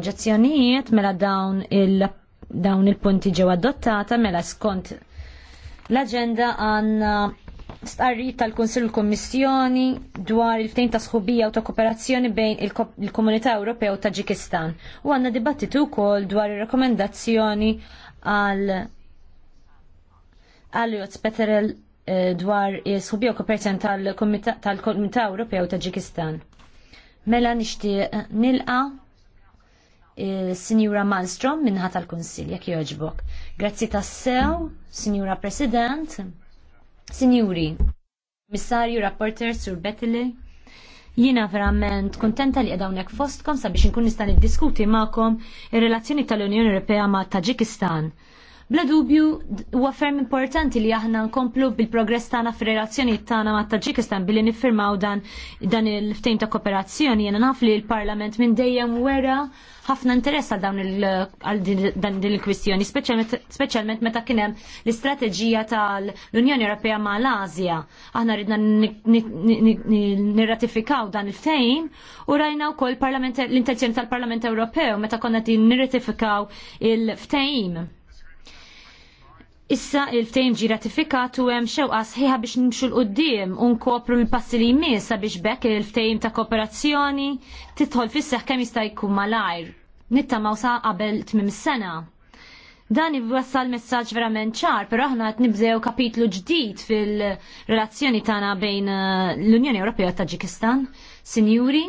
Oġazzjonijiet mela dawn il dawn il-punti ġew adottata mela skont l-agenda għanna starri tal-Konsil Kommissjoni dwar il-ftejn ta' sħubija u ta' kooperazzjoni bejn il-Komunità Ewropea u Taġikistan. U għanna dibattitu wkoll dwar ir-rekomendazzjoni għal għal Peterel eh, dwar sħubija u kooperazzjoni tal-Komunità Ewropea u Taġikistan. Mela nixtieq nilqa' Eh, Sinjura Malmstrom minnħa tal-Kunsil, jekk joġbok. Grazzi tassew, Sinjura President, Sinjuri, Missarju Rapporter Sur Bettili, jina verament kontenta li għedawnek fostkom sabiex nkun id niddiskuti ma'kom ir-relazzjoni tal-Unjoni Europea ma' Taġikistan. Bla dubju huwa ferm importanti li aħna nkomplu bil-progress tagħna fir-relazzjonijiet tagħna ma' Taġikistan billi niffirmaw dan dan il-ftejm ta' kooperazzjoni. Jiena naf li l-Parlament minn dejjem wera ħafna interess għal dawn għal dan din il-kwistjoni, speċjalment meta kien hemm l-istrateġija tal-Unjoni Ewropea mal-Asja. Aħna ridna nirratifikaw dan il-ftejn u rajna wkoll l-intenzjoni tal-Parlament Ewropew meta konna nirratifikaw il-ftejn Issa il-ftejm ġi ratifikat u hemm xewqa sħiħa biex nimxu l-qoddim u nkopru l-passi li jmiss sabiex bekk il-ftejm ta' kooperazzjoni titħol fis seħħ kemm jista' jkun malajr. Nittamaw sa' qabel tmim sena Dan iwassal messaġġ verament ċar, però aħna qed nibżew kapitlu ġdid fil-relazzjoni tagħna bejn eh, l-Unjoni Ewropea u Taġikistan. Sinjuri,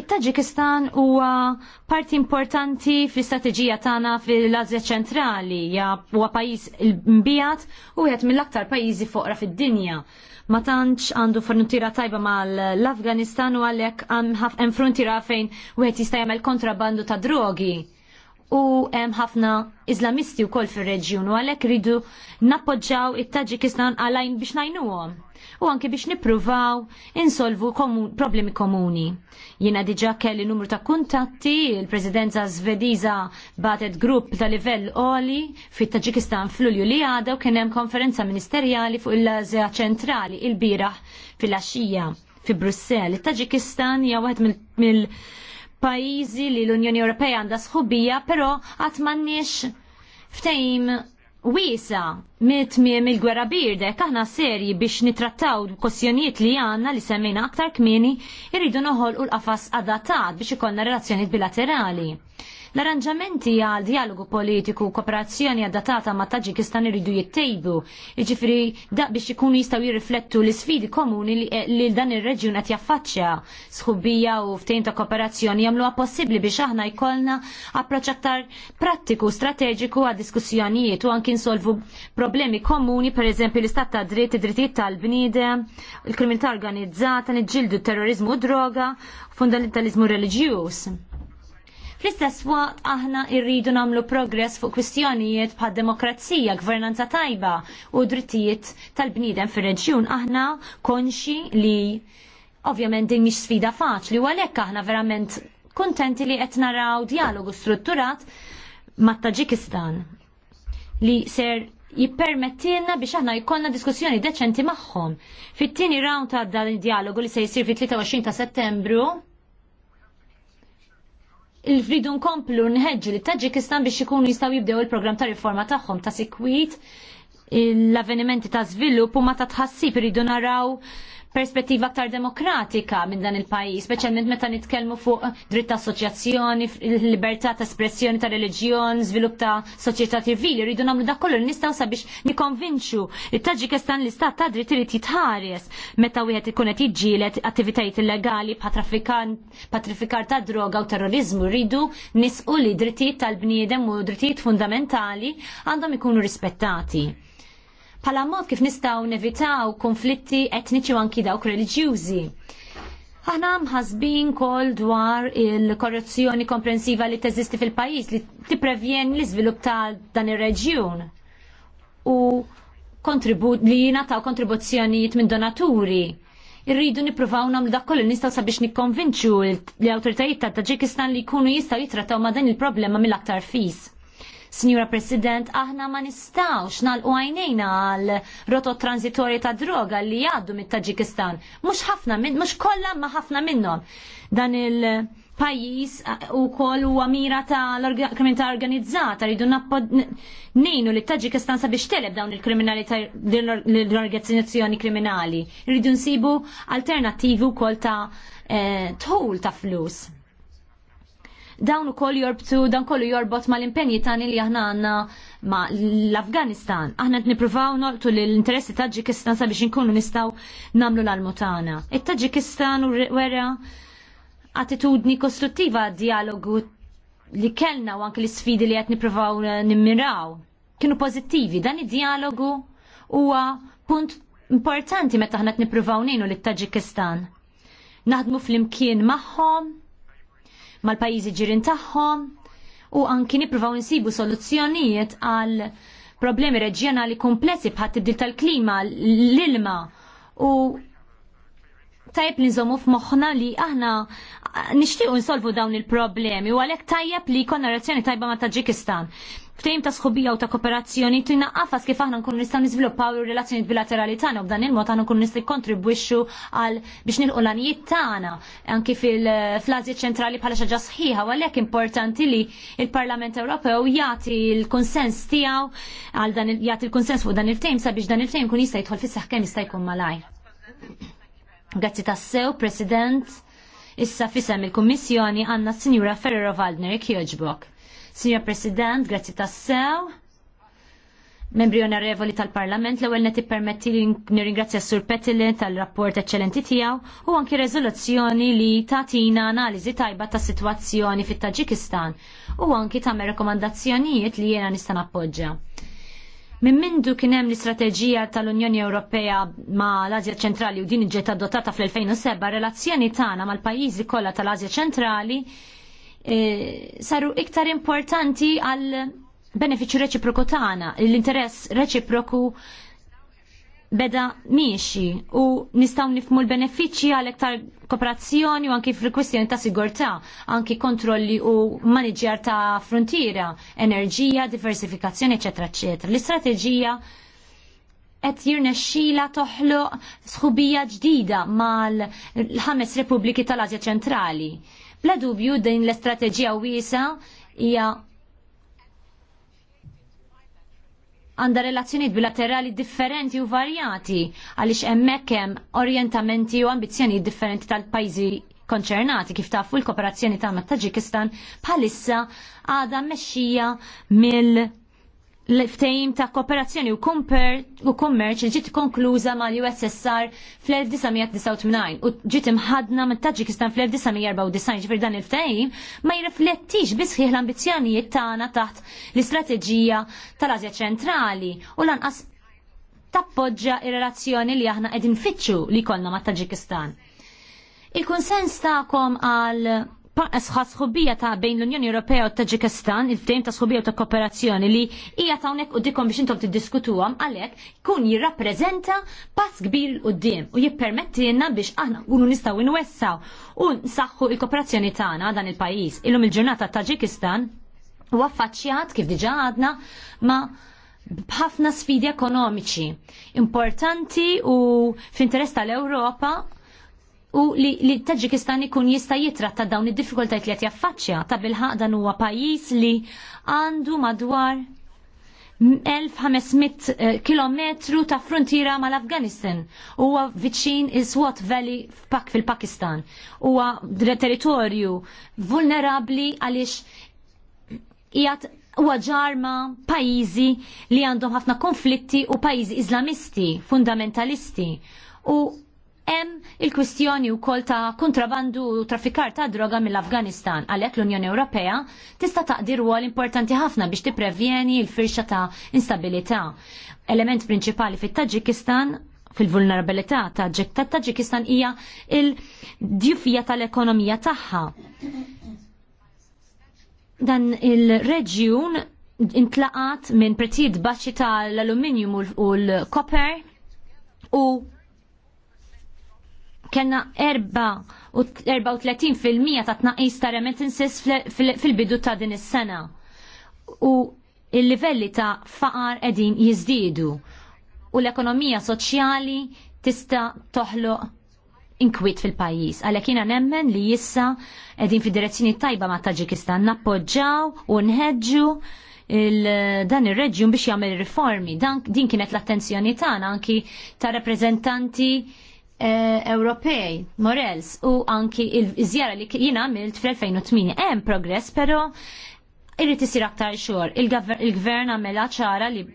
It-Taġikistan huwa parti importanti fl-istrateġija tagħna fil-Azja ċentrali, huwa pajjiż mbijat u wieħed mill-aktar pajjiżi foqra fid-dinja. Ma tantx għandu frontiera tajba mal-Afganistan u għalhekk hemm frontiera fejn wieħed jista' jagħmel kontrabandu ta' drogi u hemm ħafna Iżlamisti wkoll fir-reġjun u għalhekk ridu nappoġġaw it-Taġikistan għalajn biex ngħinuhom u anki biex nippruvaw insolvu komu problemi komuni. Jiena diġa kelli numru ta' kuntatti, il-Presidenza Svediża batet grupp ta' livell oli fit taġikistan fl-Ulju li għada u kien hemm konferenza ministerjali fuq il-Azja ċentrali il-biraħ fil-axija fi Brussell. Il-Taġikistan hija għed mill pajizi li l-Unjoni Ewropea għandha sħubija, però qatt m'għandniex ftehim Wisa, mit miem il-gwerra birdek, aħna serji biex nitrattaw kossjoniet li għanna li semmejna aktar kmini, irridu noħol u l-qafas adattat biex ikonna relazzjoniet bilaterali. L-arranġamenti għal dialogu politiku u kooperazzjoni adattata ma' Taġikistan irridu jittejbu, iġifri da biex ikunu jistaw jirriflettu l-sfidi komuni li eh, dan ir-reġjun qed jaffaċċja sħubija u ftejn ta' kooperazzjoni jamlu possibbli biex aħna jkollna approċċ aktar prattiku strateġiku għad diskussjonijiet u għankin nsolvu problemi komuni, pereżempju l-istat ta' dritt, id-drittijiet tal-bniedem, il-kriminalità organizzata, niġġieldu terrorizmu u droga, fundamentalizmu reliġjuż Fl-istess waqt aħna irridu nagħmlu progress fuq kwistjonijiet bħad demokrazija, gvernanza tajba u drittijiet tal-bniedem fir-reġjun aħna konxi li ovvjament din mhix sfida faċli u għalhekk aħna verament kuntenti li qed naraw dialogu strutturat mat-Taġikistan li ser jippermettilna biex aħna jkollna diskussjoni deċenti magħhom. Fit-tieni round ta' dan id-dialogu li se jsir fit-23 ta' Settembru, il fridun nkomplu nħedġu li Taġikistan biex ikunu jistaw jibdew il-program ta' riforma tagħhom ta' sikwit l-avvenimenti ta' żvilupp ma ta' tħassib iridu naraw perspettiva aktar demokratika minn dan il-pajis, speċjalment meta nitkellmu fuq dritt assoċjazzjoni, libertà ta' espressjoni ta' reliġjon, żvilupp ta' soċjetà ċivili, rridu nagħmlu dak kollu nistgħu sabiex nikkonvinċu it-Taġikistan l-istat ta' dritt irid jitħares meta wieħed ikun qed jiġġieled attivitajiet illegali patrifikar ta' droga u terrorizmu, rridu nisqu li drittijiet tal-bniedem u drittijiet fundamentali għandhom ikunu rispettati pala mod kif nistaw nevitaw konflitti etniċi u anki dawk reliġjużi. Aħna mħasbin kol dwar il-korruzzjoni komprensiva li teżisti fil-pajis li tipprevjen l-iżvilupp ta' dan ir-reġjun u li jingħataw kontribuzzjonijiet minn donaturi. Irridu nippruvaw nagħmlu dak kollu nistgħu sabiex nikkonvinċu l-awtoritajiet ta' Taġikistan li jkunu jistgħu jitrattaw ma' dan il-problema mill-aktar fis. Signora President, aħna ma nistawx nalqu għajnejna għal rotot transitorji ta' droga li jgħaddu mit-Taġikistan. Mux ħafna minn, mux kollha ma ħafna minnhom. Dan il- pajis u kol u għamira ta' l-kriminalità organizzata rridu nejnu li t-Taġikistan sabiex teleb dawn il-kriminalità l-organizzazzjoni kriminali. Rridu nsibu alternativi u kol ta' eh, tħul ta' flus dawn ukoll jorbtu dan kollu jorbot mal-impenji tani li aħna għanna ma l-Afganistan. Aħna qed nippruvaw noltu l-interessi Taġikistan sabiex inkunu nistaw nagħmlu l-almutana. It-Taġikistan wera attitudni kostruttiva dialogu li kellna u anki l-sfidi li qed nippruvaw eh, nimmiraw kienu pożittivi. Dan id-dialogu huwa punt importanti meta t niprufaw ngħinu l taġikistan Naħdmu fl-imkien magħhom, mal-pajjiżi ġirin tagħhom u anki nippruvaw insibu soluzzjonijiet għal problemi reġjonali komplessi bħat tibdil tal-klima, l-ilma u tajb li nżommu f'moħħna li aħna nixtiequ nsolvu dawn il-problemi u għalhekk tajjeb li jkollna relazzjoni tajba ma' Taġikistan ftejm ta' sħubija u ta' kooperazzjoni tina għafas kif aħna nkunu nistaw niżviluppaw ir-relazzjoni bilaterali tagħna u b'dan il-mod aħna nkunu nistaw kontribwixxu għal biex nilqu l-anijiet tagħna anki fil-flażi ċentrali bħala xi ħaġa sħiħa u għalhekk importanti li il-Parlament Ewropew jagħti l-konsens tiegħu għal dan jagħti l-konsens fuq dan il ftehim sabiex dan il ftehim kun jista' jidħol fis-seħħ kemm jista' jkun malajr. Grazzi tassew, President. Issa fisem il-Kommissjoni għanna Sinjura Ferrero Waldner kjoġbok. Signor President, grazie tassew. Membri onorevoli tal-Parlament, l-ewel neti permetti li nirringrazzja Sur Petile tal-rapport eccellenti tijaw u anki rezoluzzjoni li tatina analizi tajba ta' situazzjoni fit taġikistan u anki ta' rekomandazzjonijiet li jena nistan appoġġa. Min mindu kien hemm l-istrateġija tal-Unjoni Ewropea ma' l-Azja ċentrali u din ġiet adottata fl-2007, relazzjoni tagħna mal-pajjiżi kollha tal-Azja ċentrali Eh, saru iktar importanti għal benefiċċju reċiproku tagħna, l-interess reċiproku beda miexi u nistaw nifmu l-benefiċi għal iktar kooperazzjoni u anki fil-kwestjoni ta' sigurtà, anki kontrolli u maniġjar ta' frontiera, enerġija, diversifikazzjoni, eċetera, eċetera. L-istrateġija qed jirnexxila toħloq sħubija ġdida mal-ħames Repubbliki tal-Asja Ċentrali Bla dubju din l-istrateġija wiesa hija għanda relazzjoniet bilaterali differenti u varjati għaliex hemmhekk hemm orjentamenti u ambizzjoni differenti tal-pajjiżi konċernati kif tafu l-kooperazzjoni ta' mat Taġikistan bħalissa għada mexxija mill l-ftejim ta' kooperazzjoni u kummerċ ġiet konkluża mal ussr fl-1989 u ġiet imħadna mit taġikistan fl-1994 ġifir dan il-ftejim ma jirriflettix bisħiħ l-ambizjonijiet tagħna taħt l-istrateġija tal-Asja ċentrali u lanqas tappoġġa ir-relazzjoni li aħna qegħdin fitxu li kollna mat taġikistan Il-konsens tagħkom għal sħubija ta' bejn l-Unjoni Ewropea u Taġikistan, il-ftehim ta' sħubija ta' kooperazzjoni li hija ta' hawnhekk qudikom biex intom tiddiskutuhom għalhekk kun jirrappreżenta pass kbir il qudiem u jippermettilna biex aħna nkunu nistgħu inwessaw u nsaħħu il-kooperazzjoni tagħna dan il-pajjiż. Illum il-ġurnata ta' Taġikistan u affaċċjat kif diġa għadna ma' b'ħafna sfidi ekonomiċi importanti u f'interess tal-Ewropa u li, li Taġikistan ikun jista' jitratta dawn id-diffikultajt li qed jaffaċċja ta' bilħaq dan huwa pajjiż li għandu madwar 1500 eh, km ta' frontiera mal-Afganistan. Huwa viċin is-Swat Valley pak fil-Pakistan. Huwa territorju vulnerabbli għaliex qiegħed huwa ġarma pajjiżi li għandhom ħafna konflitti u pajjiżi iżlamisti, fundamentalisti. U hemm il-kwistjoni wkoll ta' kontrabandu u traffikar ta' droga mill-Afganistan għalhekk l-Unjoni Ewropea tista' taqdi rwol importanti ħafna biex tipprevjeni l-firxa ta' instabilità. Element prinċipali fit-Taġikistan fil-vulnerabilità ta' Taġikistan hija il-djufija tal-ekonomija tagħha. Dan il-reġjun intlaqat minn prezzijiet baxxi tal aluminium u l-koper u kena 34% ta' tnaqis ta' remittances fil-bidu ta' din is-sena. U il-livelli ta' faqar edin jizdidu u l-ekonomija soċjali tista' toħloq inkwiet fil-pajjiż. Għalhekk jiena nemmen li jissa qegħdin fi direzzjoni tajba ma' Taġikistan nappoġġaw u nħeġġu dan ir-reġjun biex jagħmel riformi. Dan din kienet l-attenzjoni tagħna anki ta' rappreżentanti Eh, Ewropej, Morels, u anki il-żjara li jina għamilt fl-2008. Hemm progress, però irrid isir aktar xogħol. Il-gvern għamela ċara li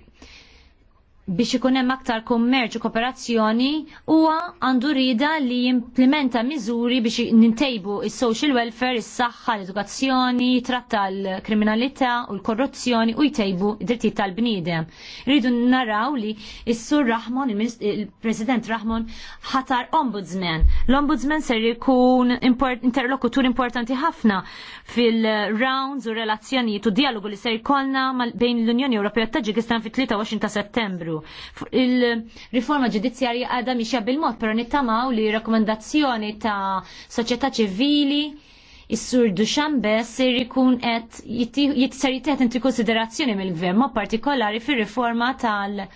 biex ikun hemm aktar kummerċ u kooperazzjoni huwa għandu rida li jimplementa miżuri biex nintejbu is-social welfare, is-saħħa, l-edukazzjoni, tratta l-kriminalità u l-korruzzjoni u jtejbu id-drittijiet tal-bniedem. Rridu naraw li is-sur Rahmon, il-President Rahmon, ħatar ombudsman. L-ombudsman ser ikun import, interlokutur importanti ħafna fil-rounds u relazzjonijiet u dialogu li ser jkollna bejn l-Unjoni Ewropea u Taġikistan fit-23 ta' Settembru jisiru. Il-riforma ġudizzjarja għadha miexja bil-mod, pero nittamaw li rakkomandazzjoni ta' soċjetà ċivili Is-sur Duxanbe ser jkun qed jitser jiteħed inti konsiderazzjoni mill-gvern, ma' partikolari fir-riforma tal-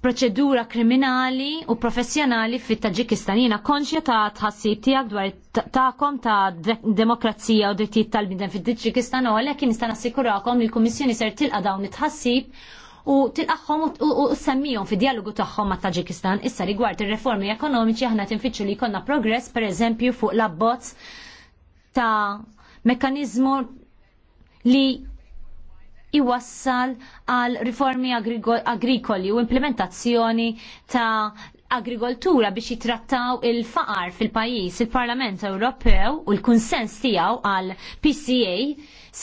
proċedura kriminali u professjonali fit taġikistan Jina konxja ta' tħassib tijak dwar ta'kom ta', demokrazija u drittijiet tal-bidem fit taġikistan u għalek nistan assikurakom li l-Kommissjoni ser tilqa dawn it-tħassib u tilqaħħom u semmijom fi dialogu tagħhom ma' Taġikistan issa rigward ir-reformi ekonomiċi aħna tinfittxu li jkollna progress pereżempju fuq l-abbozz ta' mekkanizmu li iwassal għal riformi agrikoli u implementazzjoni ta' agrikoltura biex jitrattaw il-faqar fil-pajis, il-Parlament Ewropew u l-kunsens tijaw għal PCA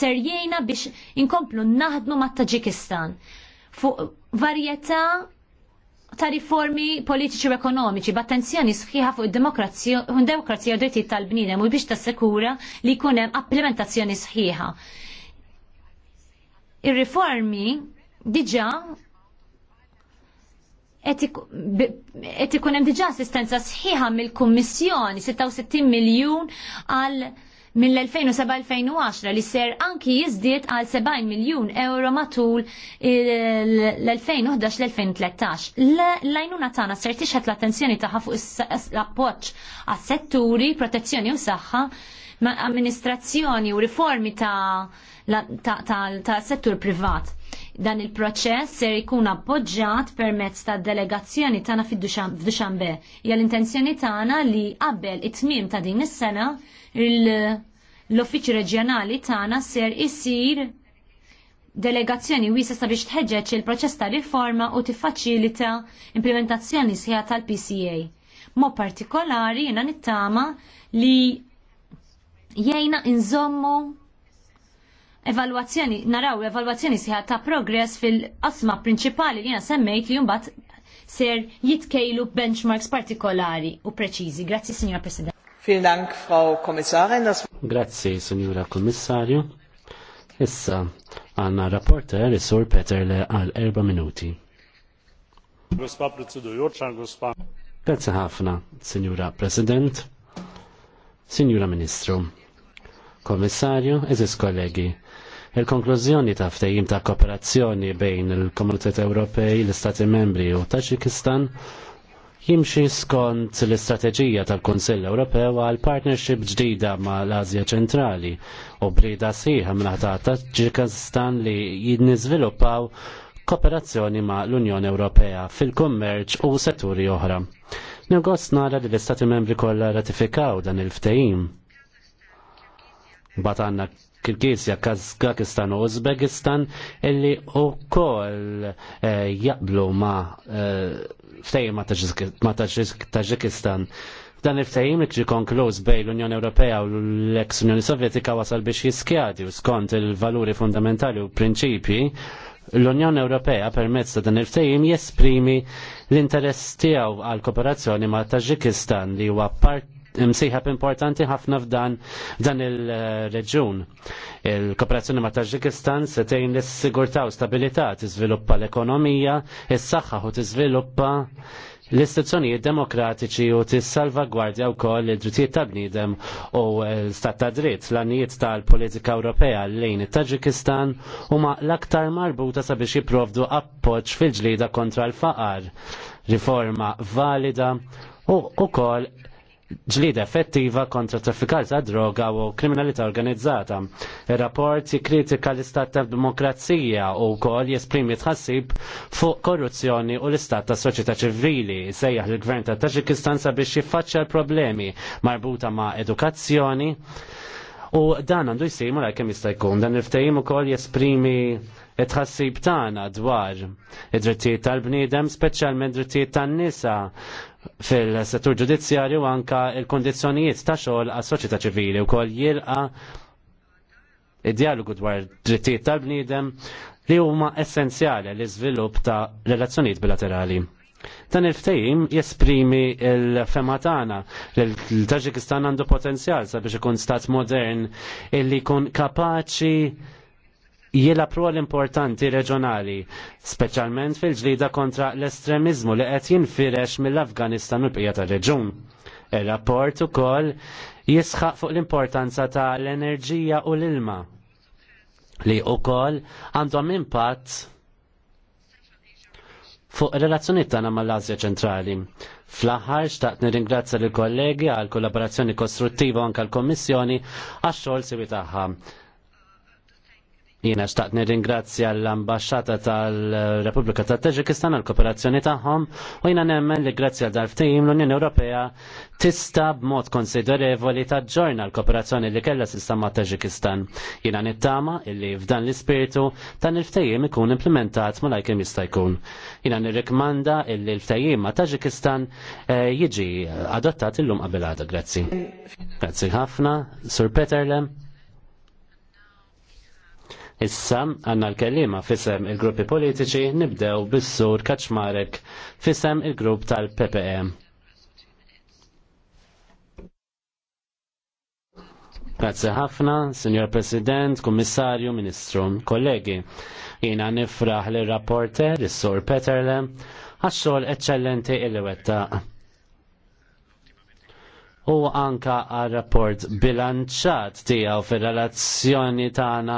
ser jiena biex inkomplu naħdmu ma' Taġikistan fuq varjetà ta' riformi politiċi u ekonomiċi, b'attenzjoni sħiħa fuq id-demokrazija u d-drittijiet tal-bniedem u biex tassikura li jkun hemm sħiħa ir-riformi diġa qed ikun hemm diġà assistenza sħiħa mill-Kummissjoni 66 miljun għal mill-2007-2010 li ser anki jizdiet għal 70 miljun euro matul l-2011-2013. L-lajnuna tana ser tixħet l-attenzjoni taħħa fuq l-appoċ għas setturi protezzjoni u saħħa, amministrazzjoni u riformi ta' tal-settur privat. Dan il-proċess ser ikun appoġġjat permezz ta' delegazzjoni tagħna fid-Duxanbe. Hija l-intenzjoni tagħna li qabel it-tmiem ta' din is-sena l-Uffiċċju Reġjonali tagħna ser isir delegazzjoni wiesa sabiex tħeġġeġ il-proċess ta' riforma u tiffaċilita implementazzjoni sħiħa tal-PCA. Mo partikolari jena nittama li jgħina inżommu evalwazzjoni, naraw evalwazzjoni sħiħa ta' progress fil-qasma prinċipali li jena semmejt li jumbat ser jitkejlu benchmarks partikolari u preċizi. Grazzi, Signora President. Vielen Dank, Frau Kommissarin. Grazzi, Signora Kommissario. Issa, għanna rapporter, Sur Peter le għal erba minuti. Grazie ħafna, Signora President, Signora Ministru, Kommissario, eżis kollegi. Il-konklużjoni ta' ftejim ta' kooperazzjoni bejn il-Komunitet Ewropej, l-Istati Membri u Taġikistan jimxi skont l-istrateġija tal-Kunsill Ewropew għal partnership ġdida ma' l-Azja ċentrali u brida sħiħa mnaħta Taġikistan li jidniżviluppaw kooperazzjoni ma' l-Unjoni Ewropea fil-kummerċ u setturi oħra. Negost nara li l-Istati Membri kollha ratifikaw dan il-ftehim. Bat għanna Kirgizja, Kazakistan u Uzbekistan illi u koll eh, jaqblu ma eh, ftejim ma Taġikistan. Dan il-ftejim li konkluż bej l-Unjoni Ewropea u l-ex Unjoni Sovjetika wasal biex jiskjadi u skont il-valuri fundamentali u prinċipi l-Unjoni Ewropea permezz ta' dan il-ftejim jesprimi l-interess tiegħu għal kooperazzjoni ma' Taġikistan li huwa part msiħab importanti ħafna f'dan dan il-reġun. Il-kooperazzjoni ma' Taġikistan se tgħin lis-sigurtà u stabilità tiżviluppa l-ekonomija, is-saħħa u tiżviluppa l-istituzzjonijiet demokratiċi u tissalvagwardja wkoll id-drittijiet tal-bniedem u l-istat ta' dritt l-annijiet tal-politika Ewropea lejn it-Taġikistan huma l-aktar marbuta sabiex jipprovdu appoġġ fil-ġlida kontra l-faqar, riforma valida u ukoll ġlida effettiva kontra traffikanti ta' droga u kriminalità organizzata. Il-rapport jikritika l-istat ta' demokrazija u kol jesprimi tħassib fuq korruzzjoni u l-istat ta' soċjetà ċivili. Sejjaħ l-gvern ta' Taġikistan sabiex jiffaċċa l-problemi marbuta ma' edukazzjoni. U dan għandu jisir mura kem jista' jkun, dan il-ftejim u kol jesprimi tħassib tagħna dwar id-drittijiet tal-bniedem, speċjalment drittijiet tan-nisa fil-settur ġudizzjarju anka il-kondizjonijiet ta' xogħol għas soċjetà ċivili wkoll jilqa id-dialogu dwar drittijiet tal-bniedem li huma essenzjali l iżvilupp ta' relazzjonijiet bilaterali. Dan il-ftehim jesprimi l-fema tagħna li l-Taġikistan għandu potenzjal sabiex ikun stat modern illi jkun kapaċi jilab rol importanti reġjonali, speċjalment fil-ġlida kontra l-estremizmu li qed jinfirex mill-Afganistan u l-bqija tar-reġun. Ir-rapport ukoll jisħaq fuq l-importanza ta' l-enerġija u l-ilma li ukoll għandhom impatt fuq ir-relazzjonijiet tagħna mal-Asja ċentrali. Fl-aħħar xtaqt nirringrazzja lill kollegi għal kollaborazzjoni kostruttiva anke l-Kommissjoni għax-xogħol siwi tagħha. Jiena xtaqt nirringrazzja l-ambasċata tal-Repubblika ta' Teġikistan għall kooperazzjoni tagħhom u jiena nemmen li grazzi għal darftim l-Unjoni Ewropea tista b'mod konsiderevoli taġġorna l-kooperazzjoni li kellha sissa ma' Teġikistan. Jiena nittama illi f'dan l-ispirtu dan il-ftehim ikun implementat ma lajkem jista' jkun. Jiena nirrikmanda illi l ftajim ma' Taġikistan eh, jiġi adottat illum qabel għada, grazzi. Grazzi ħafna, Sur Peterlem. Issa għanna l-kellima fissem il-gruppi politiċi nibdew bis-sur Kaczmarek fissem il-grupp tal-PPM. E. Grazie ħafna, Signor President, Kommissarju, Ministru, kollegi. Jina nifraħ l-rapporter, il-Sur Peterle, għax-xogħol eccellenti il-wetta u anka għal rapport bilanċat tiegħu fir-relazzjoni tagħna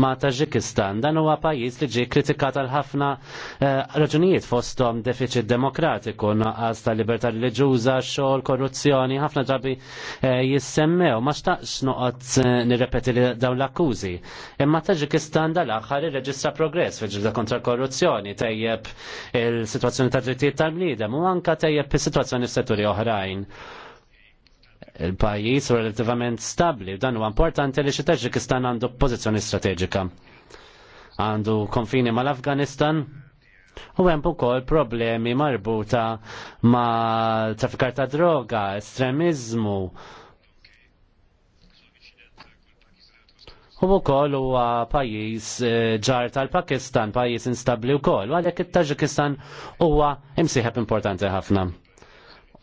ma' Taġikistan. Dan huwa pajjiż li ġie kritikat għal ħafna eh, raġunijiet fosthom deficit demokratiku, naqas ta' libertà reliġjuża, xogħol, korruzzjoni, ħafna drabi eh, jissemmew, ma xtaqx noqgħod eh, nirrepeti li dawn l-akkużi. Imma Taġikistan dal-aħħar irreġistra progress fil-ġilda kontra korruzzjoni, tejjeb il-sitwazzjoni tad drittijiet tal-bniedem u anka tejjeb is-sitwazzjoni f'setturi oħrajn il-pajjiż relativament stabbli u dan huwa importanti li xi Taġikistan għandu pożizzjoni strateġika. Għandu konfini mal-Afganistan u hemm ukoll problemi marbuta ma' traffikar ta' droga, estremizmu. U wkoll huwa pajjiż eh, ġar tal-Pakistan, pajjiż instabbli wkoll, għalhekk it-Taġikistan huwa imsieħeb importanti ħafna.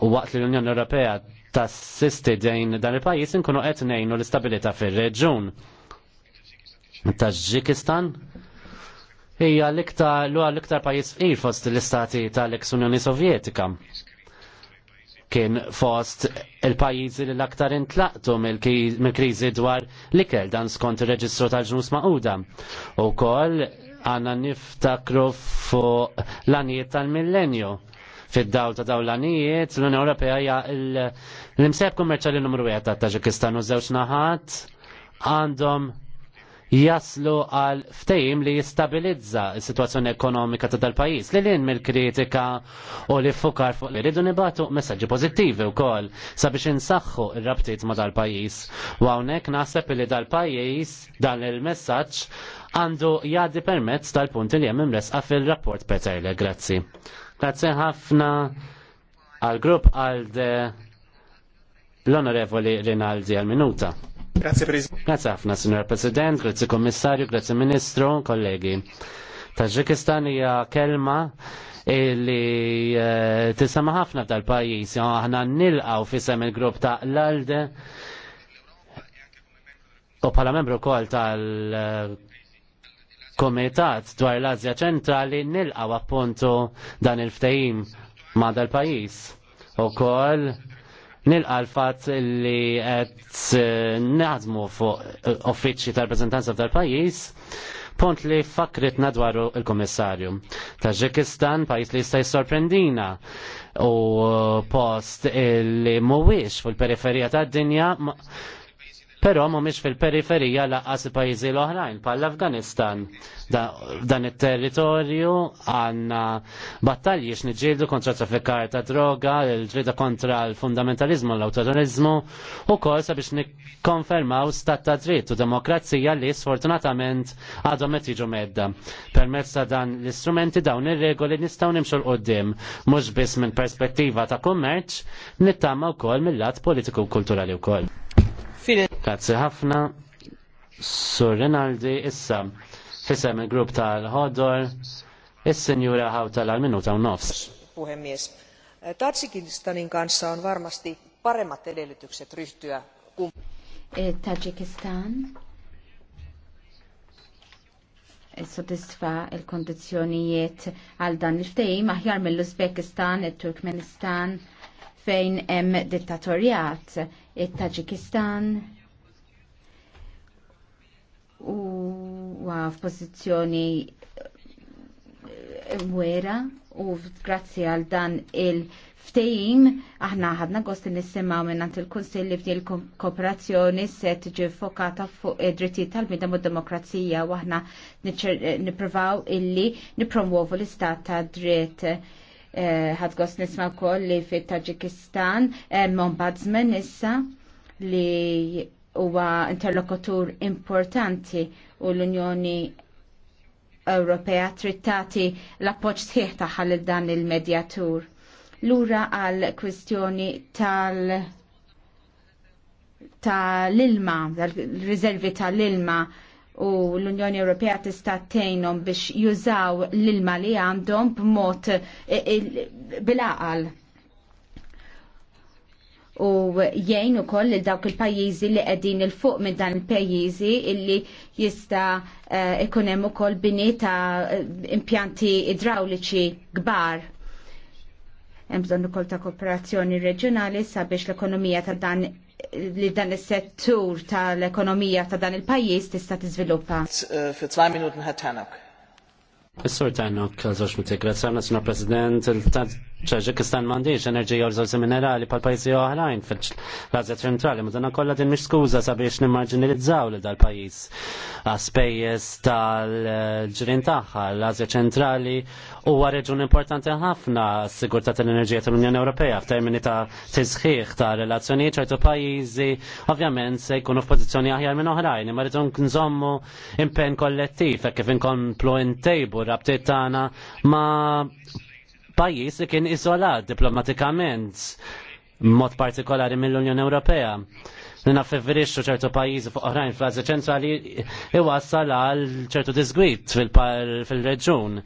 U waqt li l-Unjoni Ewropea s sisti dejn dan il-pajis nkunu qed ngħinu l istabilita fir-reġun. Taġikistan hija l-iktar l l-iktar pajjiż fqir fost l-istati tal-eks Unjoni Sovjetika. Kien fost il-pajjiżi li l-aktar intlaqtu mill-kriżi dwar l-ikel dan skont ir-reġistru tal-ġnus U Ukoll għanna niftakru fuq l-anijiet tal-millenju fid-dawl ta' dawl l-Unjoni Ewropea hija l L-imseb kummerċali numru 1 ta' Taġikistan u żewġ naħat għandhom jaslu għal ftejim li jistabilizza s-situazzjoni ekonomika ta' dal-pajis li l-in mill-kritika u li fukar fuq li rridu nibatu messagġi pozittivi u kol sabiex insaxħu il-rabtiet ma dal-pajis u għawnek naħseb li dal-pajis dan il-messagġ għandu jgħaddi permezz tal-punti li jemmim resqa fil-rapport le grazzi. Grazzi ħafna għal-grupp għal, -grupp, għal de L-Onorevoli Rinaldi għal-minuta. Grazie, Presidente. Grazie ħafna, Signor President, grazie Commissario, grazie Ministru, kollegi. Taġikistan hija kelma li eh, tisama ħafna f'dal pajjiż, aħna nilqgħu fisem il-grupp ta' l-Alde u bħala membru wkoll tal komitat dwar l-Azja ċentrali nilqgħu appuntu dan il-ftehim ma' dal pajjiż. Ukoll nil qalfat li għed nazmu fuq eh, uffiċi tal-reprezentanza tal-pajis pont li fakritna dwar il-komissarju. Taġikistan, pajis li jista' sorprendina u eh, post li mhuwiex fil-periferija tad-dinja però mhumiex fil-periferija laqqas pajjiżi l-oħrajn bħal afganistan da, Dan it-territorju għandna battalji x'niġġieldu kontra traffikar ta' droga, il-ġrida kontra l-fundamentalizmu l-awtorizmu u kol sabiex nikkonfermaw stat ta' dritt u demokrazija li sfortunatament għadhom qed jiġu medda. Permezz ta' dan l-istrumenti dawn ir-regoli nistgħu nimxu l-qoddim mhux biss minn perspettiva ta' kummerċ, nittama wkoll mill-lat politiku u kulturali wkoll. Grazie ħafna. Sur Rinaldi issa fissem il-grupp tal-ħodor is-Sinjura Hawtal għal-minuta u nofs. Puhemies, Tatsikistanin kanssa on varmasti paremmat edellytykset ryhtyä kum... Eh, Tajikistan eh, sodisfa il-kondizjonijiet għal dan il-ftejim aħjar mill-Uzbekistan, il-Turkmenistan fejn hemm dittatorjat, il-Taġikistan, eh, il taġikistan il u f'pożizzjoni eh, wera u grazzi għal dan il-ftejim aħna ħadna għost nissimaw minnant il konsil li fdil kooperazzjoni se tiġi fokata fuq id-drittijiet tal-bidem u demokrazija u aħna eh, niprovaw illi nipromuovu l-istat ta' dritt eh, ħad gost nisma' wkoll li fit-Taġikistan ombudsman issa li huwa interlokutur importanti u l-Unjoni Ewropea trittati l-appoġġ sħiħ tagħha dan il-medjatur. Lura għal kwistjoni tal- tal-ilma, tal-riservi tal-ilma u l-Unjoni Ewropea tista' tgħinhom biex jużaw l-ilma li għandhom b'mod bil-aqal u jgħin u koll dawk il-pajjiżi li qegħdin il fuq minn dan il-pajjiżi illi jista eh, ikunem u ukoll bini ta' impjanti idrawliċi kbar. Hemm bżonn ukoll ta' kooperazzjoni reġjonali sabiex l-ekonomija ta' dan li dan is-settur tal-ekonomija ta' dan il-pajjiż tista' tiżviluppa. Fi 2 minuten ħadd Is-sur tajnok, għazux mitigrazzjoni, s-sur president, ċaġikistan enerġija u rizorsi minerali pal pajzi oħrajn fil-Azja ċentrali, madana kollha din mhix skuża sabiex nimmarġinilizzaw li dal-pajjiż. Aspejjeż tal ġrien tagħha l-Azja ċentrali huwa reġun importanti ħafna s sigurta tal-enerġija tal-Unjoni Ewropea f'termini ta' tisħiħ ta' relazzjonijiet ċertu pajjiżi ovvjament se jkunu f'pożizzjoni aħjar minn oħrajn, imma rridu nżommu impenn kollettiv hekk kif inkomplu intejbu rabtiet tagħna ma' pajjiż li kien iżolat diplomatikament mod partikolari mill-Unjoni Ewropea li naffeverixxu ċertu pajjiżi fuq oħrajn fl-Azja ċentrali iwassal għal ċertu disgwit fil-reġun.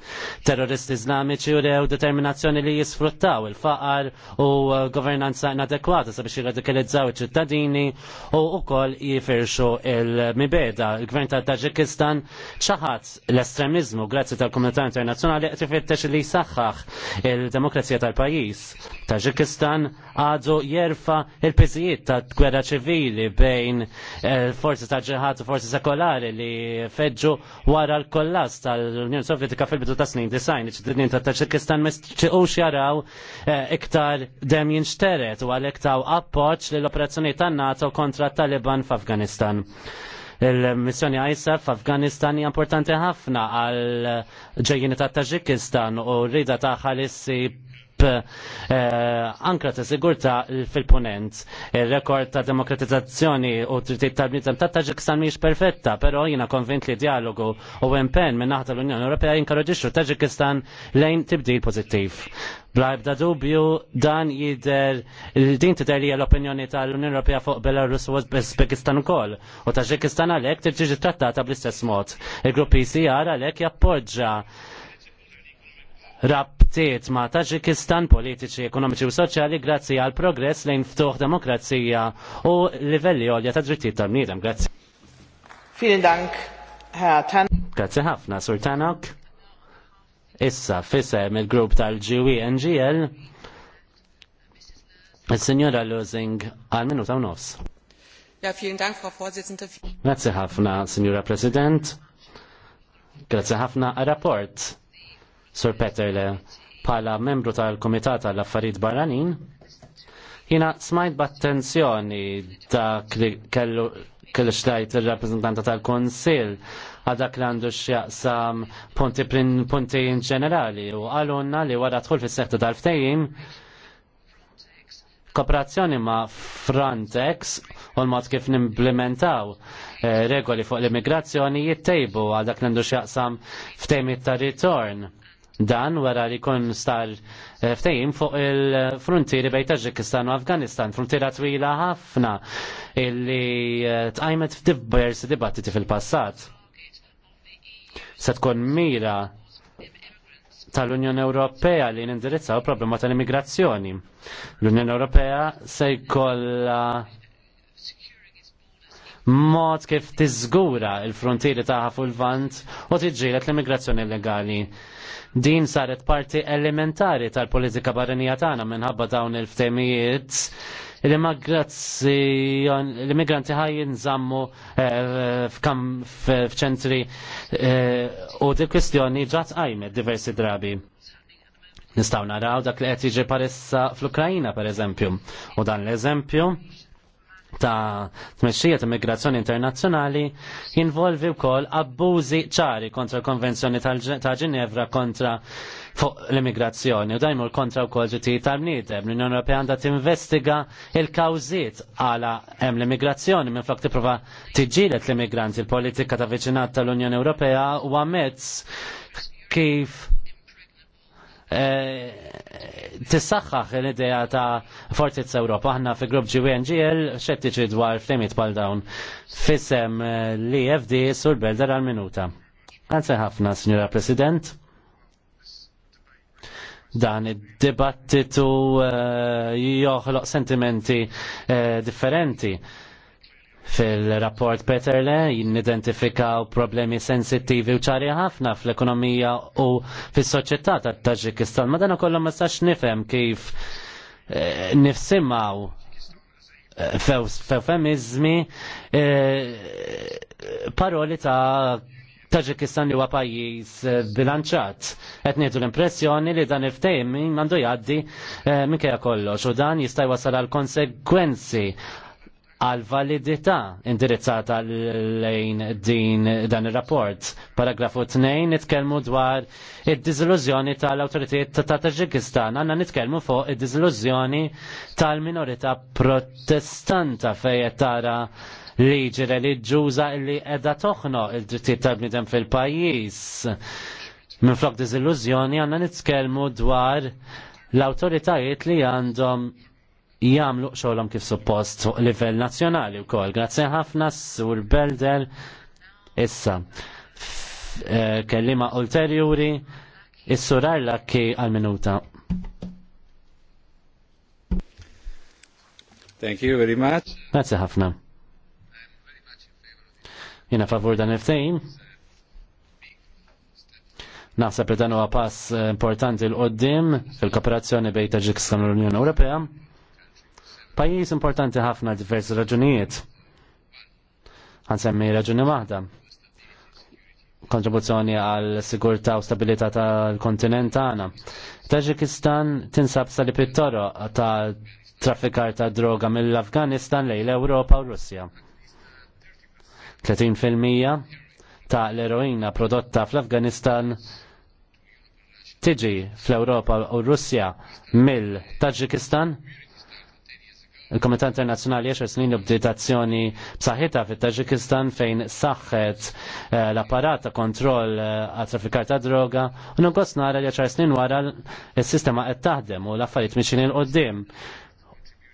Terroristi iżlamiċi u rew determinazzjoni li jisfruttaw il-faqar u uh, governanza inadekwata sabiex jirradikalizzaw iċ-ċittadini u wkoll jifirxu il-mibeda. Il-gvern ta' Taġikistan ċaħat l-estremizmu grazzi tal-komunità internazzjonali qed ifittex li jsaħħaħ il-demokrazija tal-pajjiż. Taġikistan għadu jerfa il-pizijiet ta' gwerra ċivili bejn eh, forzi ta' ġeħat u forzi sekolari li feġġu wara l-kollas tal-Unjoni Sovjetika fil-bidu ta' snin design, iċ-ċittadini ta' Taċikistan mestiqux jaraw eh, iktar dem jinxteret u għalek ta' appoċ l-operazzjoni tan NATO kontra Taliban f'Afganistan il-missjoni ISAF f'Afganistan hija importanti ħafna għal ġejjini ta' Taġikistan u rrida ta' ħalissi Eh, anka ta' sigurta fil-ponent. Il-rekord ta' demokratizzazzjoni u trittit tal bnidem ta' Taġikistan miex perfetta, pero jina konvint li dialogu u impenn minn naħta l-Unjoni Ewropea jinkaroġixxu Taġikistan lejn tibdil pozittiv. Bla dubju dan jider din tider li l-opinjoni tal-Unjoni Ewropea fuq Belarus u Uzbekistan ukoll u Taġikistan għalhekk tiġi trattata bl-istess mod. Il-grupp ICR e għalhekk jappoġġa ftit ma' Taġikistan politiċi, ekonomiċi u soċjali grazzi għal progress lejn ftuħ demokrazija u livelli għolja ta' drittijiet tal nidem Grazzi. Fielen Dank, Herr Tan. Grazzi ħafna, Sur Tanok. Issa, fissem il-grupp tal-GWNGL. E Il-Signora Losing, għal-minuta u nofs. Ja, vielen Dank, Frau Vorsitzende. Grazie ħafna, Signora President. Grazie ħafna għal rapport Sur Peterle, pala membru tal-Komitat tal-Affarijiet Barranin, jina smajt b'attenzjoni dak li kellu kellu xtajt il-rappresentanta tal-Konsil għadak li għandu xjaqsam punti, punti ġenerali u għalunna li wara tħul fis seħta tal-ftejim kooperazzjoni ma' Frontex u l-mod kif nimplementaw eh, regoli fuq l-immigrazzjoni jittejbu għal dak għandu xjaqsam ftejmit tar ritorn Dan wara li kon star eh, ftejim fuq il-frontieri bejn Taġikistan u Afganistan, frontiera twila ħafna illi eh, tqajmet f'diversi dibattiti fil-passat. Se tkun mira tal-Unjoni Ewropea li nindirizzaw problema tal-immigrazzjoni. L-Unjoni Ewropea se jkollha mod kif tiżgura il-frontieri tagħha fuq il-vant u tiġġielet l-immigrazzjoni illegali Din saret parti elementari tal-politika barranija tagħna minħabba dawn il-ftemijiet l-immigranti ħaj nżammu eh, f'ċentri eh, u di kwistjoni ġat għajmet diversi drabi. Nistaw naraw dak li qed jiġi parissa fl-Ukrajina per eżempju. U dan l-eżempju ta' t-mexxija ta' migrazzjoni internazzjonali jinvolvi wkoll abbużi ċari kontra l-Konvenzjoni ta' Ġinevra kontra fuq l-immigrazzjoni u dajmu l-kontra wkoll ġiti tal mnidem L-Unjoni Ewropea għandha tinvestiga il-kawżiet għala hemm l-immigrazzjoni minflok tipprova tiġġielet l-immigranti. Il-politika ta' viċinat tal-Unjoni Ewropea huwa mezz kif Eh, tissaxħax l-idea ta' Fortizza Europa. Aħna fi grupp GWNGL xettiċi dwar flimit pal dawn fissem eh, li FD sur belder għal-minuta. Għanse ħafna, Signora President. Dan id-dibattitu eh, joħloq sentimenti differenti. Fil-rapport Peterle jinnidentifikaw problemi sensittivi u ċari ħafna fl-ekonomija u fis-soċjetà tat-Taġikistan. Madana kollu ma sax nifhem kif e, nifsimaw eh, fewfemizmi e, paroli ta' Taġikistan li huwa pajjiż bilanċat. Qed ngħidu l-impressjoni li dan il-ftehim għandu jgħaddi minkejja kollox u dan jista' jwassal għal konsekwenzi għal validità indirizzata lejn din dan ir-rapport. Paragrafu 2 nitkellmu dwar id-diżillużjoni tal awtoritiet ta' Taġikistan. Għandna nitkellmu fuq id-diżillużjoni tal-minorità protestanta fejn tara liġi reliġjuża li qiegħda toħno il-drittijiet tal-bniedem fil-pajjiż. Minflok diżillużjoni għandna nitkellmu dwar l-awtoritajiet li għandhom jgħamlu xogħolhom kif suppost fuq livell nazzjonali wkoll. Grazzi ħafna sur Belder issa. Eh, kellima ulterjuri is-surar lakki għal-minuta. Thank you very much. Grazie ħafna. Jena favur dan il-ftejn. Naħseb li dan huwa pass importanti l-qoddim fil-kooperazzjoni bejn Taġikistan u l-Unjoni Ewropea. Pajjiż importanti ħafna diversi raġunijiet. semmi raġuni waħda. Kontribuzzjoni għal sigurtà u stabilita tal-kontinent għana. Taġikistan tinsab sali pittoro ta' traffikar ta' droga mill-Afganistan lejn l-Ewropa u Russja. 30% ta' l-eroina prodotta fl-Afganistan tiġi fl-Europa u Russja mill-Taġikistan Il-Komitat Internazzjonali 10 snin li bdiet azzjoni b'saħħitha fit-Taġikistan fejn saħħet eh, l-apparat ta' kontroll eh, għat traffikar ta' droga u nogos nara li 10 snin wara s-sistema qed taħdem u l-affarijiet miexin il qoddim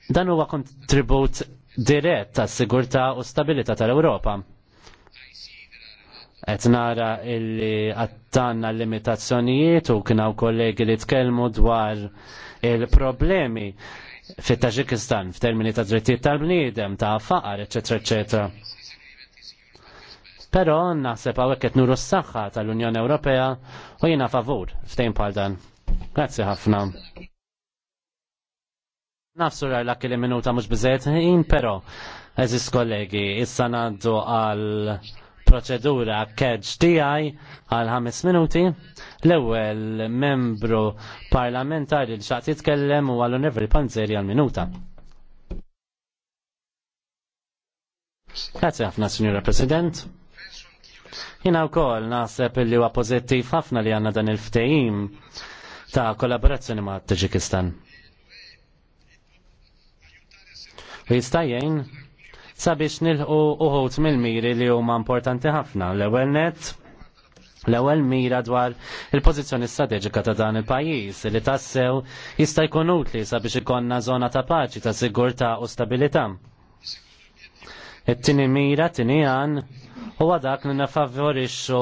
Dan huwa kontribut dirett tas sigurtà u stabilità tal-Ewropa. Et nara illi għattanna limitazzjonijiet u kienaw kollegi li tkellmu dwar il-problemi fit taġikistan f'termini ta' drittijiet tal-bniedem, ta' faqar, eċetera, eċetera. Però naħseb għawek qed nuru s-saħħa tal-Unjoni Ewropea u jiena favur ftejn bħal dan. Grazzi ħafna. Nafsu rajla kelli minuta mhux bizet, ħin, pero, eżis kollegi, issa ngħaddu għal proċedura kedġ tijaj għal ħames minuti. L-ewwel membru parlamentari li xaqt jitkellem u għallu Nevri Panzeri għal minuta. Grazie ħafna, Signora President. Jina wkoll naħseb li huwa pożittiv ħafna li għandna dan il-ftehim ta' kollaborazzjoni ma' Taġikistan. U jistajjen sabiex nilħu uħut mill-miri li huma importanti ħafna. L-ewwel net l-ewwel mira dwar il-pożizzjoni strateġika ta' dan il-pajjiż li tassew jista' jkun utli sabiex ikonna żona ta' paċi ta' sigurtà u stabilità. It-tieni mira tini għan huwa dak li nafavorixxu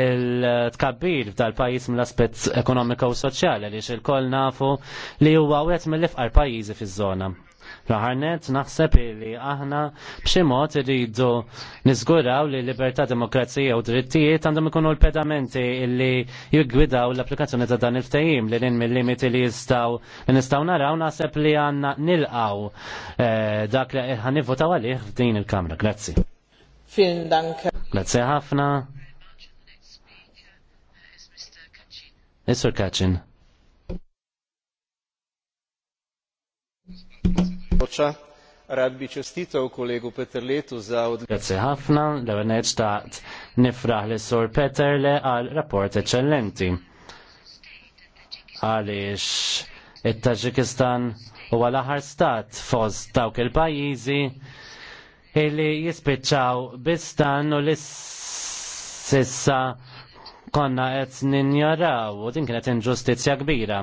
il-tkabbir tal-pajjiż mill-aspett ekonomika u soċjali għaliex xil koll nafu li huwa wieħed mill-ifqar pajjiżi fiż-żona l naħseb li aħna b'xi mod irridu niżguraw li libertà, demokrazija u drittijiet għandhom ikunu l-pedamenti illi jiggwidaw l-applikazzjoni ta' dan il ftajim li l-in mill-limiti li jistaw li nistaw naraw naħseb li għanna nilqaw eh, dak li ħanivvotaw għalih f'din il-Kamra. Grazzi. Fin danke. Grazie ħafna. Isur Kaċin. Boċa, rabbi ċestita u kollegu Peter Letu zawd. Grazie ħafna, l-għanet taqt nifraħ li sor Peter le għal rapport eccellenti. Għalix, il-Taġikistan u għal-ħar stat fos dawk il-pajizi illi jispiċċaw bistan u l-sissa konna qed ninjaraw u din kienet inġustizzja kbira.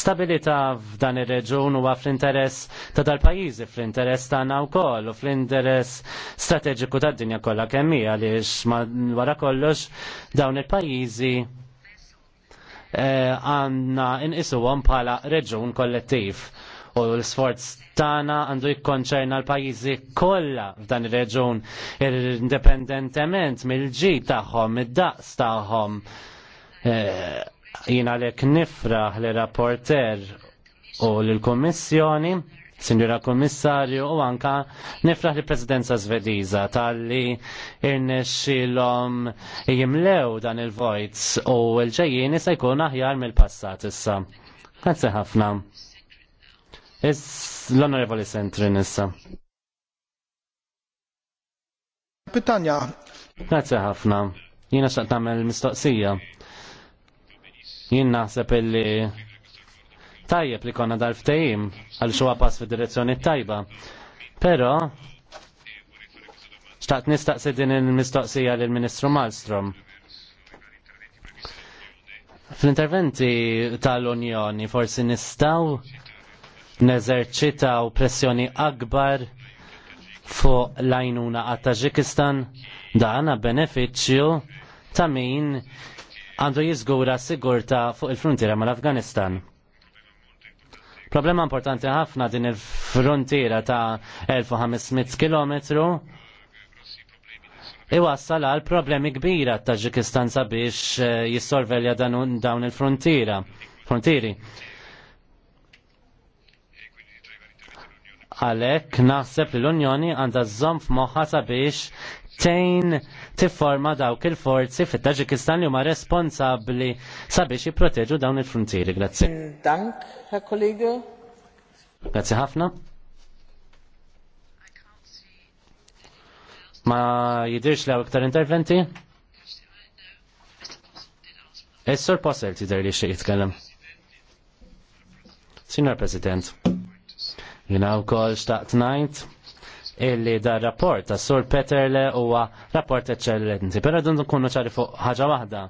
Stabilità f'dan ir-reġun huwa fl-interess ta' dal-pajjiżi, fl-interess tagħna wkoll u fl-interess strateġiku tad-dinja kollha kemm hija għaliex wara kollox dawn il-pajjiżi eh, għandna inqisuhom bħala reġun kollettiv u l-sforz tagħna għandu jikkonċerna l-pajjiżi kollha f'dan ir-reġun indipendentement mill-ġi tagħhom, id-daqs tagħhom. Jina eh, Jiena għalhekk nifraħ l rapporter u l-Kummissjoni Sinjura Komissarju u anka nifraħ li Presidenza Svediża tal-li irnexxilhom jimlew dan il-vojt u l-ġejjien se jkun aħjar mill-passat issa. Grazzi ħafna. L-Onorevoli Sentri nissa. Pitanja. Grazie ħafna. Jina xaqt namel mistoqsija. Jien naħseb illi tajjeb li konna darftejim għal xuwa pass fi direzzjoni tajba. Pero, xtaqt nistaqsi din il-mistoqsija lill-Ministru Malmstrom. Fl-interventi tal-Unjoni forsi nistaw Nezerċitaw pressjoni akbar fuq l-għajnuna għat Taġikistan għana beneficju ta' min għandu jizgura sigurta fuq il-frontiera mal-Afganistan. Problema importanti ħafna din il-frontiera ta' 1500 km iwassal għal problemi kbira t-Taġikistan sabiex eh, jissorvelja dawn il-frontiera. Frontieri. Għalek naħseb li l-Unjoni għandha żomm f'moħħa sabiex tejn tifforma dawk il-forzi fit-Taġikistan li huma responsabbli sabiex jipproteġu dawn il-frontieri. Grazzi. Dank, Herr kollegu. Grazzi ħafna. Ma jidirx li iktar interventi? Is-sur Possel li xi jitkellem. Signor President. Jina u kol xtaqt najt illi da rapport ta' Sur Peterle huwa rapport eccellenti. Pero dun kunu ċari fuq ħaġa waħda.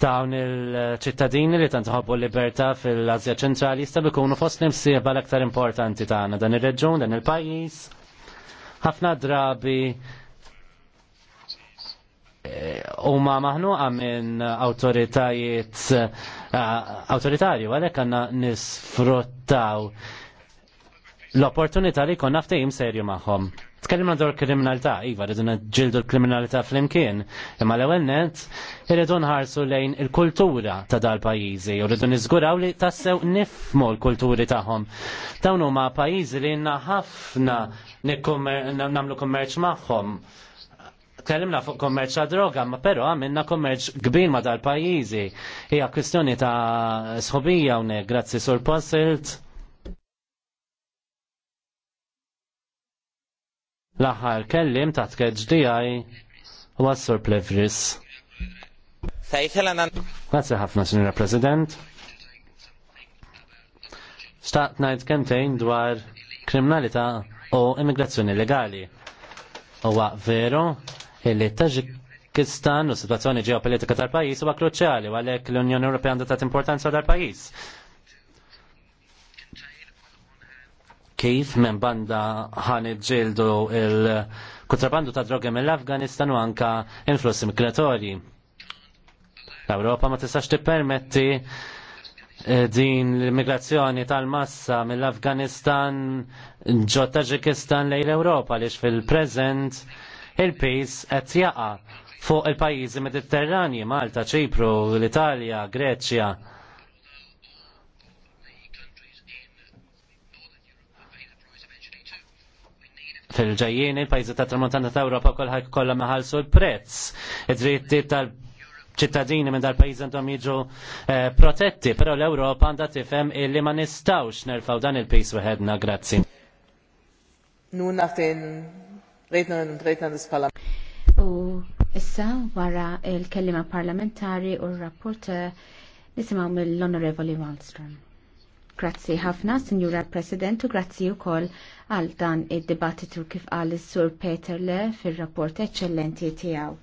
Dawn il-ċittadini li tant ħobbu libertà fil-Azja ċentrali jista' ikunu fost nimsieba l-aktar importanti tagħna dan ir-reġun, dan il-pajjiż. Ħafna drabi eh, huma maħnuqa minn awtoritajiet eh, awtoritarju għalhekk għandna nisfruttaw l-opportunità li konna ftejim serju magħhom. Tkellimna dwar kriminalità, iva, rridu ġildu l-kriminalità flimkien, imma l-ewwel net irridu nħarsu lejn il-kultura ta' dal-pajjiżi u rridu niżguraw li tassew nifmu l-kulturi tagħhom. Dawn huma pajjiżi li għandna ħafna nagħmlu kummerċ magħhom. Tkellimna fuq kommerċ ta' droga, ma però għamilna kommerċ kbir ma' dal-pajjiżi. Hija kwistjoni ta' sħobija hawnhekk, grazzi sur Possilt. L-aħħar kellim ta' tkeġdijaj u għassur plevris. Grazie ħafna, Sinjora President. Staqt najt kemtejn dwar kriminalità u immigrazzjoni legali. Huwa veru illi Taġikistan u situazzjoni ġeopolitika tal-pajis huwa kruċjali u għalhekk l-Unjoni Ewropea għandha tat importanza tal-pajis. kif minn banda ħan ġildu il-kontrabandu ta' droga mill-Afganistan u anka influssi migratorji. L-Ewropa ma tistax tippermetti eh, din l-immigrazzjoni tal-massa mill-Afganistan ġo Taġikistan lejn l-Ewropa lix fil-preżent il pejs qed jaqa' fuq il-pajjiżi mediterranji Malta, Ċipru, l-Italja, Greċja fil-ġajjien il-pajzi ta' tramontana ta' Ewropa kolħa kollha maħalsu l-prezz. Id-dritti tal- ċittadini minn dal pajzi għandhom jiġu eh, protetti, però l-Ewropa għandha tifhem illi ma nistgħux nerfaw dan il pejs weħedna, grazzi. Nun naħtin, rejtna rejtna parlament U issa wara il-kellima parlamentari u r-rapport nisimaw mill-Onorevoli Wallström. Grazzi ħafna, Signora President, u grazzi u koll għal dan id-dibattitu kif għal sur Peter Le fil-rapport eccellenti tijaw.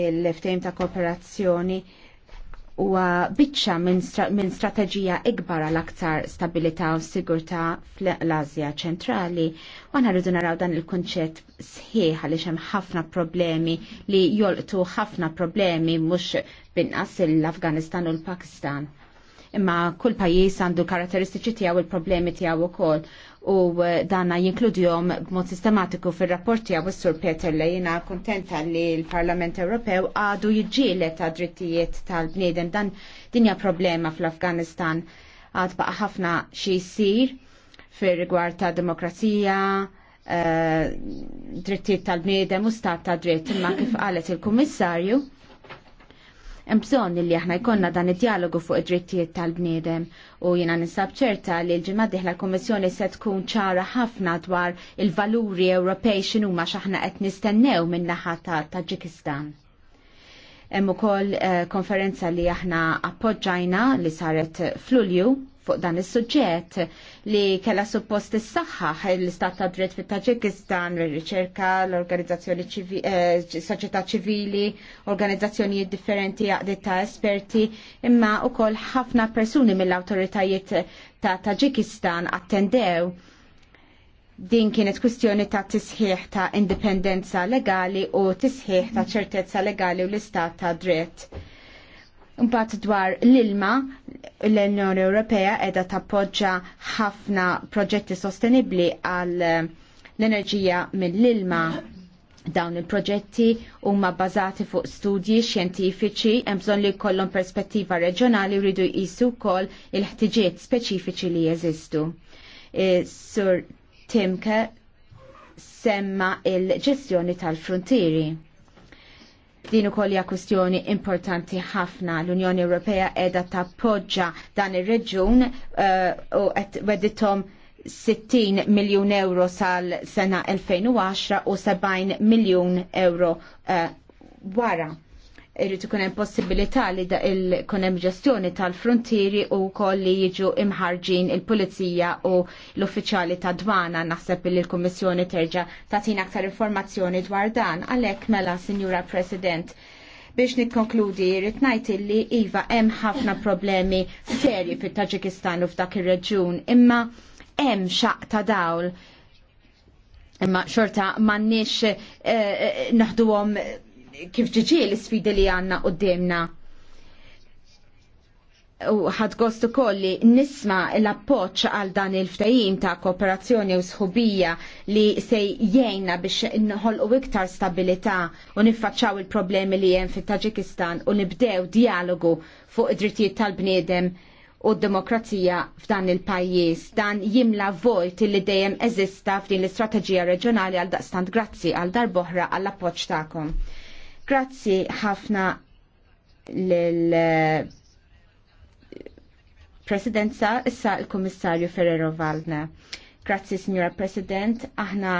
il leftejm ta' kooperazzjoni huwa biċċa minn strateġija ikbar għal aktar stabilità u sigurtà fl-Azja ċentrali u għana rridu naraw dan il kunċett sħiħ għaliex hemm ħafna problemi li jolqtu ħafna problemi mhux binqas l-Afganistan u l-Pakistan imma kull pajjiż għandu karatteristiċi tiegħu il-problemi tiegħu wkoll u eh, danna jinkludjom b'mod sistematiku fir-rapport tiegħu s-Sur Peter li jiena kuntenta li l-Parlament Ewropew għadu jiġġielet ta' drittijiet tal-bniedem dan dinja problema fl-Afganistan għad baqa ħafna xi jsir fir rigward ta' demokrazija, eh, drittijiet tal-bniedem u stat ta' dritt imma kif qalet il-Kummissarju Mbżon li aħna jkonna dan id-dialogu fuq id-drittijiet tal-bniedem u jina nisab ċerta li l-ġimma diħla l-Kommissjoni se tkun ċara ħafna dwar il-valuri Ewropej x'inhu ma xaħna qed nistennew min naħa ta' Taġikistan. Hemm ukoll eh, konferenza li aħna appoġġajna li saret f'Lulju fuq dan is-suġġett li kella suppost is-saħħaħ l-istat ta' dritt fit-Taġikistan, ir-riċerka, l-organizzazzjoni eh, soċjetà ċivili, organizzazzjonijiet differenti għaqdiet ta' esperti, imma wkoll ħafna persuni mill-awtoritajiet ta' Taġikistan attendew din kienet kwistjoni ta' tisħiħ ta' indipendenza legali u tisħiħ ta' ċertezza legali u l-istat ta' dritt Mbagħad dwar l-ilma l-Unjoni Ewropea qiegħda tappoġġa ħafna proġetti sostenibbli għal l-enerġija mill-ilma dawn il-proġetti huma bbażati fuq studji xjentifiċi hemm bżonn li jkollhom perspettiva reġjonali jridu jqisu wkoll il-ħtiġiet speċifiċi li jeżistu. E, Sur Timke semma il-ġestjoni tal-frontieri Din ukoll hija kwestjoni importanti ħafna l-Unjoni Ewropea qiegħda tappoġġa dan ir-reġun eh, u qed wedithom 60 miljun euro sal-sena 2010 u 70 miljun euro eh, wara irrid ikun hemm possibilità li da il hemm ġestjoni tal-frontieri u wkoll li jiġu imħarġin il-pulizija u l-uffiċjali ta' dwana naħseb li l-Kummissjoni terġa' tagħtina aktar informazzjoni dwar dan. Għalhekk mela, Sinjura President, biex nikkonkludi rrid ngħid li iva hemm ħafna problemi serji fit-Taġikistan u f'dak ir-reġjun, imma hemm xaq ta' dawl imma xorta m'għandniex eh, eh, eh naħduhom kif ġiġi l-sfida li għanna demna. u ħad gostu kolli nisma l-appoċ għal dan il-ftajim ta' kooperazzjoni u sħubija li se jgħinna biex u iktar stabilità u niffaċċaw il-problemi li jem fit taġikistan u nibdew dialogu fuq id-drittijiet tal-bniedem u d-demokrazija f'dan il-pajjiż. Dan jimla vojt li dejjem eżista f'din l-istrateġija reġjonali għal daqstant grazzi għal darboħra għall appoċ ta'kom. Grazzi ħafna lil eh, Presidenza issa il-Kummissarju Ferrero Valna. Grazzi Signora President, aħna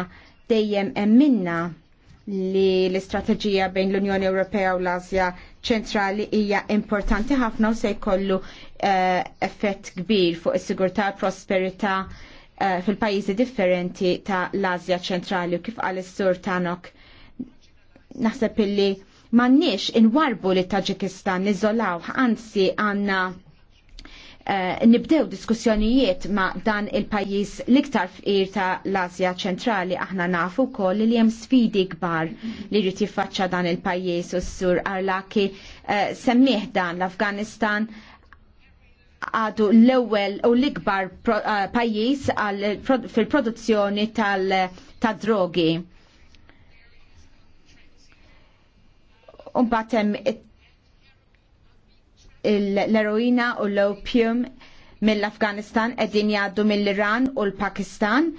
dejjem emminna li l-istrateġija bejn l-Unjoni Ewropea u l azja ċentrali hija importanti ħafna u se jkollu uh, effett kbir fuq is-sigurtà u prosperità uh, fil-pajjiżi differenti ta' l azja ċentrali u kif għal is-Sur Tanok naħseb illi mannix inwarbu li Taġikistan nizolaw, anzi għanna uh, eh, nibdew diskussjonijiet ma dan il-pajis liktar fqir ta' l-Asja ċentrali aħna nafu kol li jem sfidi kbar li rrit jiffaċċa dan il-pajis u s-sur Arlaki uh, eh, semmiħ dan l-Afganistan għadu l-ewel u l-ikbar eh, pajis fil-produzzjoni tal-drogi. tal drogi batem l-eroina u l-opium mill-Afganistan edin jaddu mill-Iran u l-Pakistan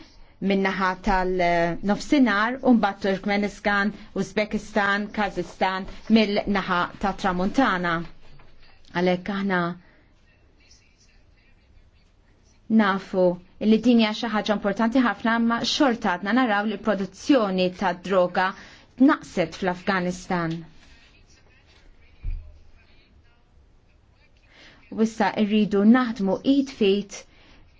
minnaħa tal-nofsinar bat Turkmenistan, Uzbekistan, Kazistan mill-naħa ta' Tramuntana. Għalek aħna nafu li din hija xi ħaġa importanti ħafna ma xorta għadna naraw li produzzjoni ta' droga naqset fl-Afganistan wissa rridu naħdmu id fit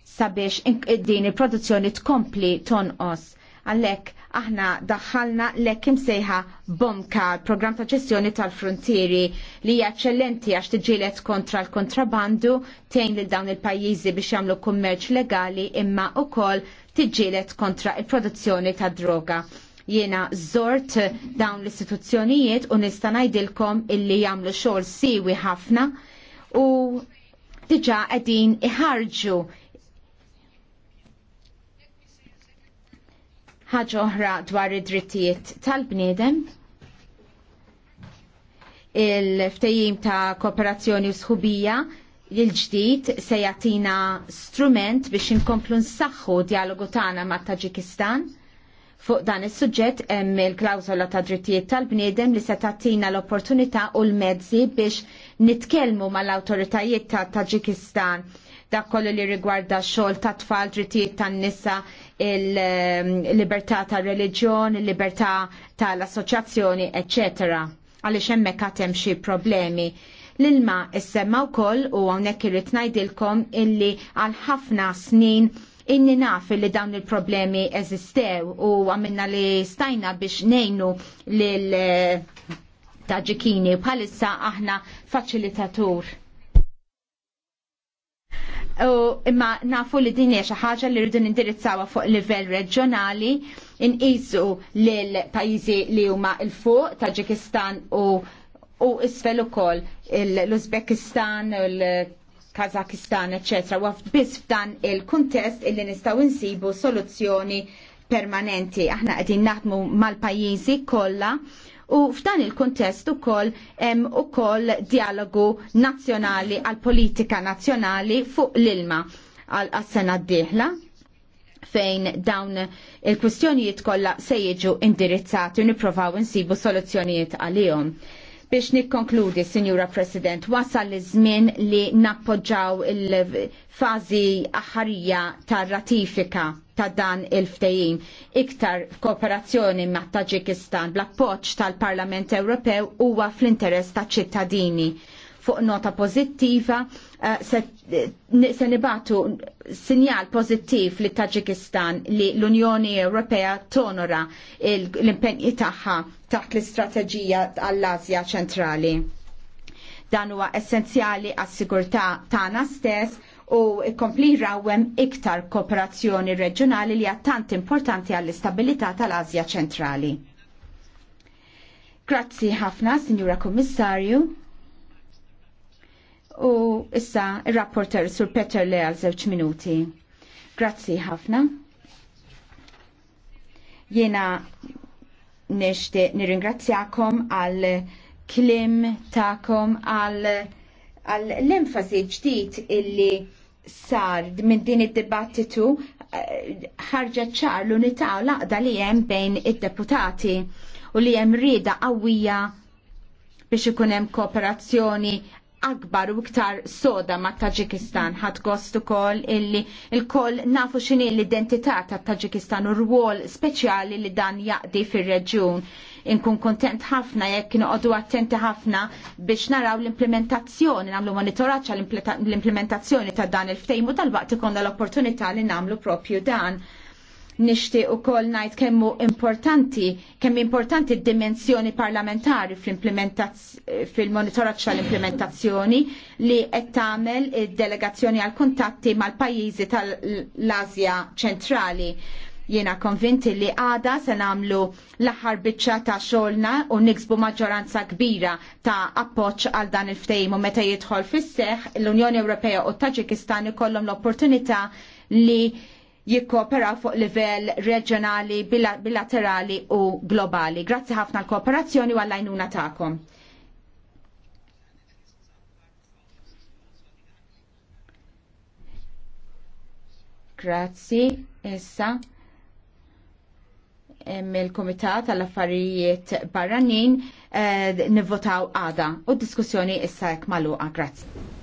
sabiex din il-produzzjoni tkompli tonqos. Għallek, aħna daħħalna l imsejħa sejħa BOMKA, program ta' ġestjoni tal-frontieri, li hija eccellenti għax tiġilet kontra l-kontrabandu, tejn lil dawn il-pajjiżi biex jagħmlu kummerċ legali imma kol tiġilet kontra il-produzzjoni ta' droga. Jiena zort dawn l-istituzzjonijiet u nista' ngħidilkom illi jagħmlu xogħol siwi ħafna u diġa qegħdin iħarġu ħaġa oħra dwar id-drittijiet tal-bniedem il-ftejjim ta' kooperazzjoni u sħubija il-ġdid se jagħtina strument biex inkomplu nsaħħu dialogu tagħna ma' Taġikistan. Fuq dan is-suġġett hemm il-klawżola ta' drittijiet tal-bniedem li se tagħtina l-opportunità u l-mezzi biex nitkellmu mal-awtoritajiet ta' Taġikistan dak kollu li rigwarda xogħol ta' tfal drittijiet tan-nisa il-libertà ehm, ta' religjon, il-libertà tal-assoċjazzjoni, eċetera. Għaliex hemmhekk għad hemm xi problemi. L-ilma issemma wkoll u hawnhekk irrid ngħidilkom illi għal ħafna snin inni naf li dawn il-problemi eżistew u għamilna li stajna biex nejnu lil ta' ġikini bħalissa aħna faċilitatur. U, imma nafu li din hija xi ħaġa li rridu nindirizzawha fuq livell reġjonali inqisu lil pajjiżi li huma l fuq Taġikistan u u isfel ukoll l-Uzbekistan, l-Kazakistan, eċetera. U biss f'dan il-kuntest illi nistgħu insibu soluzzjoni permanenti. Aħna qegħdin naħdmu mal-pajjiżi kollha U f'dan il-kontest ukoll hemm ukoll dialogu nazzjonali għal politika nazzjonali fuq l-ilma għal sena d-dieħla fejn dawn il-kwistjonijiet kollha se jiġu indirizzati u nipprovaw insibu soluzzjonijiet għalihom. Biex nikkonkludi, Sinjura President, wasal li żmien li nappoġġaw il fazi aħħarija tar-ratifika ta' dan il-ftejim iktar kooperazzjoni ma' Taġikistan bl-appoġġ tal-Parlament Ewropew huwa fl-interess ta' ċittadini. Fuq nota pożittiva eh, eh, se nibatu sinjal pożittiv li Taġikistan li l-Unjoni Ewropea tonora l-impenji tagħha taħt l-istrateġija għall-Azja ċentrali. Dan huwa essenzjali għas-sigurtà tagħna stess u kompli rawem iktar kooperazzjoni reġjonali li għattant importanti għall-istabilità tal-Azja ċentrali. Grazzi ħafna, Signora Kommissarju. U issa il-rapporter sur Peter Le għal żewġ minuti. Grazzi ħafna. Jena nishti nirringrazzjakom għal klim ta'kom għal l-enfasi ġdid illi sar minn din id-dibattitu eh, ħarġa ċar l-unità u laqda li hemm bejn id-deputati u li hemm rieda qawwija biex ikun hemm kooperazzjoni akbar u iktar soda ma' Taġikistan. Ħadd gost ukoll illi il-koll nafu x'inhi l-identità ta' Taġikistan u rwol speċjali li dan jaqdi fir-reġjun. Inkun kontent ħafna jekk noqogħdu attenti ħafna biex naraw l-implementazzjoni, nagħmlu monitoraġġ l-implementazzjoni ta' dan il-ftejmu tal-waqt ikolna l-opportunità li nagħmlu propju dan Nixtieq ukoll ngħid kemm hu importanti, kemm importanti d-dimensjoni parlamentari fil-monitoraġġ tal-implementazzjoni li qed tagħmel id-delegazzjoni għal kuntatti mal-pajjiżi tal-Asja ċentrali. Jiena konvinti li għada se nagħmlu l-aħħar biċċa ta' xogħolna u niksbu maġġoranza kbira ta' appoġġ għal dan il ftejmu meta jidħol fis-seħħ l-Unjoni Ewropea u t Taġikistan ikollhom l-opportunità li jikkooperaw fuq livell reġjonali, bilaterali u globali. Grazzi ħafna l-kooperazzjoni u għallajnuna għajnuna tagħkom. Grazzi, issa mill-Komitat għall-Affarijiet Barranin eh, nivvotaw għada u d diskussjoni issa jekk maluqa. Grazzi.